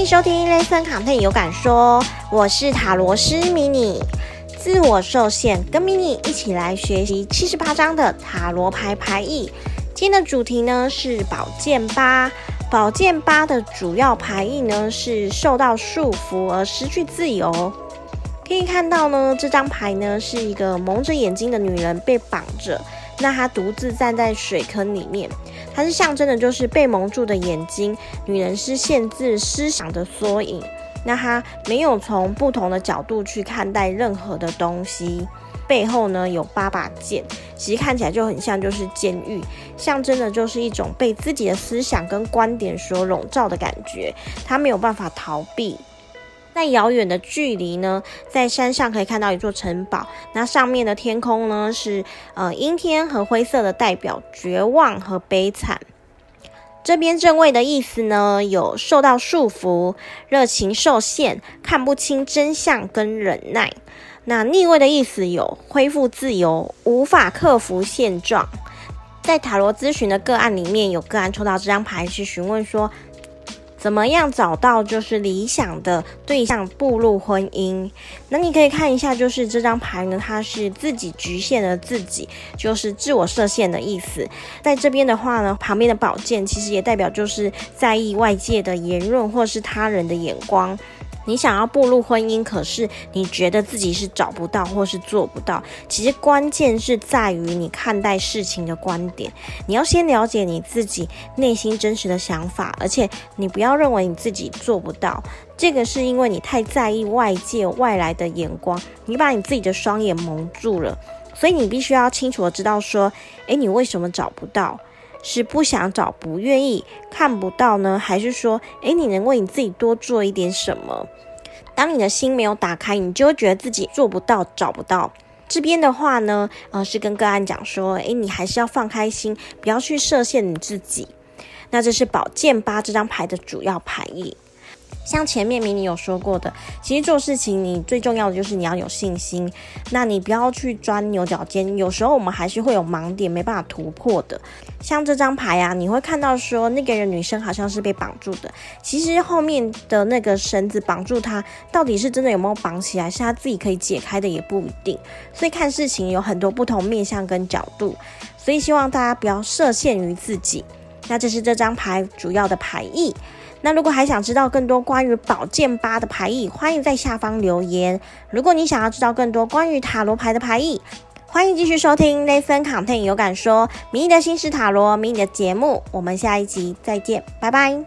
歡迎收聽《ListenContent 有感說》，我是塔羅師 Mini 自我受限，跟 MINI 一起來學習七十八張的塔羅牌牌意。今天的主題呢是寶劍八。寶劍八的主要牌意呢是受到束縛而失去自由。可以看到呢，這張牌呢是一個蒙着眼睛的女人被綁着，那她獨自站在水坑裡面。它是象徵的，就是被蒙住的眼睛，女人是限制思想的縮影。那她沒有從不同的角度去看待任何的東西。背後呢，有八把劍，其實看起來就很像就是監獄，象徵的，就是一種被自己的思想跟觀點所籠罩的感覺，她沒有辦法逃避。在遙遠的距離呢，在山上可以看到一座城堡。那上面的天空呢是呃陰天和灰色的，代表絕望和悲慘。這邊正位的意思呢，有受到束縛、熱情受限、看不清真相跟忍耐。那逆位的意思有恢復自由、無法克服現狀。在塔羅諮詢的個案裡面，有個案抽到這張牌是詢問說。怎麼樣找到就是理想的對象步入婚姻？那你可以看一下，就是這張牌呢，它是自己局限了自己，就是自我設限的意思。在這邊的話呢，旁邊的寶劍其實也代表就是在意外界的言論或是他人的眼光。你想要步入婚姻，可是你覺得自己是找不到，或是做不到。其實關鍵是在於你看待事情的觀點。你要先了解你自己內心真實的想法，而且你不要認為你自己做不到。這個是因為你太在意外界外來的眼光，你把你自己的雙眼蒙住了。所以你必須要清楚的知道說，誒，你為什麼找不到？是不想找，不願意、看不到呢，還是說，誒，你能為你自己多做一點什麼？當你的心沒有打開，你就會覺得自己做不到、找不到。這邊的話呢，呃，是跟個案講說，誒，你還是要放開心，不要去設限你自己。那這是寶劍八這張牌的主要牌意。像前面迷你有說過的，其實做事情你最重要的就是你要有信心，那你不要去鑽牛角尖。有時候我們還是會有盲點，沒辦法突破的。像這張牌啊，你會看到說那個人女生好像是被綁住的，其實後面的那個繩子綁住她，到底是真的有沒有綁起來，是她自己可以解開的也不一定。所以看事情有很多不同面向跟角度，所以希望大家不要設限於自己。那這是這張牌主要的牌意。那如果還想知道更多關於寶劍八的牌意，歡迎在下方留言。如果你想要知道更多關於塔羅牌的牌意，歡迎繼續收聽 ListenContent 有感說迷你的心事塔羅迷你的節目。我們下一集再見，拜拜。